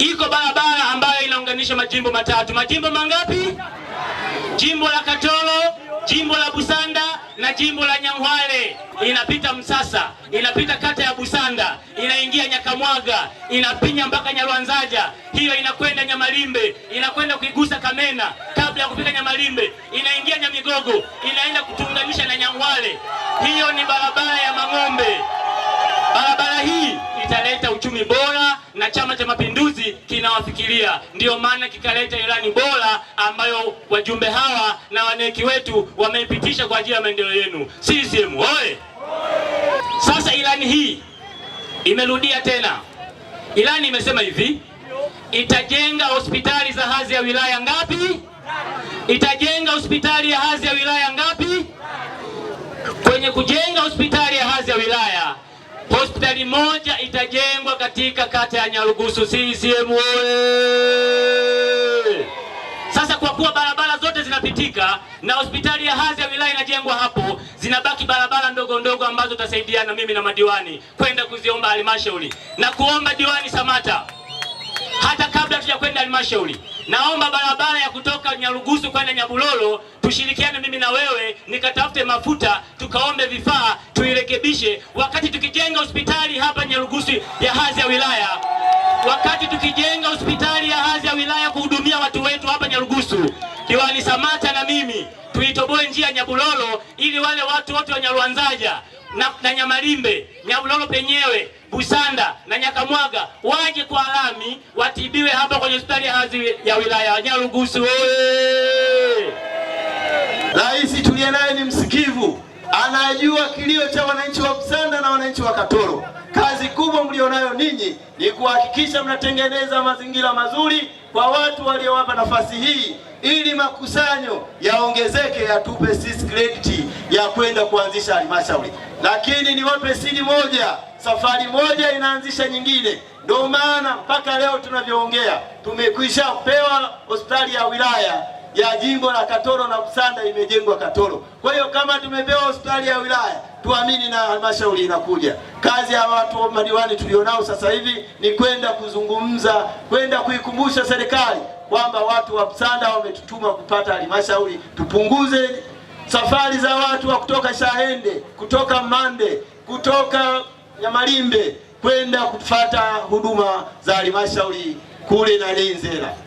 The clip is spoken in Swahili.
Iko barabara ambayo inaunganisha majimbo matatu. Majimbo mangapi? Jimbo la Katoro, jimbo la Busanda na jimbo la Nyang'hwale. Inapita Msasa, inapita kata ya Busanda, inaingia Nyakamwaga, inapinya mpaka Nyalwanzaja, hiyo inakwenda Nyamalimbe, inakwenda kuigusa Kamena kabla ya kufika Nyamalimbe, inaingia Nyamigogo, inaenda kutunganisha na Nyang'hwale. Hiyo ni barabara ya Mang'ombe. na Chama cha Mapinduzi kinawafikiria, ndiyo maana kikaleta ilani bora ambayo wajumbe hawa na waneki wetu wameipitisha kwa ajili ya maendeleo yenu. CCM oye! Sasa ilani hii imerudia tena, ilani imesema hivi itajenga hospitali za hadhi ya wilaya ngapi? Itajenga hospitali ya hadhi ya wilaya ngapi? Kwenye kujenga hospitali Hospitali moja itajengwa katika kata ya Nyarugusu. CCM oye! Sasa kwa kuwa barabara zote zinapitika na hospitali ya hadhi ya wilaya inajengwa hapo, zinabaki barabara ndogo ndogo ambazo tutasaidiana mimi na madiwani kwenda kuziomba halmashauri na kuomba diwani Samata hata kabla tujakwenda halmashauri, naomba barabara ya kutoka Nyarugusu kwenda Nyabulolo tushirikiane, mimi na wewe, nikatafute mafuta, tukaombe vifaa, tuirekebishe. Wakati tukijenga hospitali hapa Nyarugusu ya hadhi ya wilaya, wakati tukijenga hospitali ya hadhi ya wilaya kuhudumia watu wetu hapa Nyarugusu, Diwani Samata na mimi tuitoboe njia Nyabulolo ili wale watu wote wa Nyarwanzaja na, na Nyamalimbe Nyabulolo penyewe Busanda na Nyakamwaga waje kwa alami watibiwe hapa kwenye hospitali ya wilaya ya Nyarugusu. Rais tuliye naye ni msikivu, anajua kilio cha wananchi wa Busanda na wananchi wa Katoro. Kazi kubwa mlionayo ninyi ni kuhakikisha mnatengeneza mazingira mazuri kwa watu waliowapa nafasi hii ili makusanyo yaongezeke, yatupe sisi krediti ya kwenda kuanzisha halmashauri. Lakini niwape siri moja safari moja inaanzisha nyingine. Ndio maana mpaka leo tunavyoongea tumekwisha pewa hospitali ya wilaya ya jimbo la Katoro na Busanda imejengwa Katoro. Kwa hiyo kama tumepewa hospitali ya wilaya, tuamini na halmashauri inakuja. Kazi ya watu madiwani tulionao sasa hivi ni kwenda kuzungumza, kwenda kuikumbusha serikali kwamba watu wa Busanda wametutuma kupata halmashauri, tupunguze safari za watu wa kutoka Shahende, kutoka Mande, kutoka ya Malimbe kwenda kufata huduma za halmashauri kule na Nalenzela.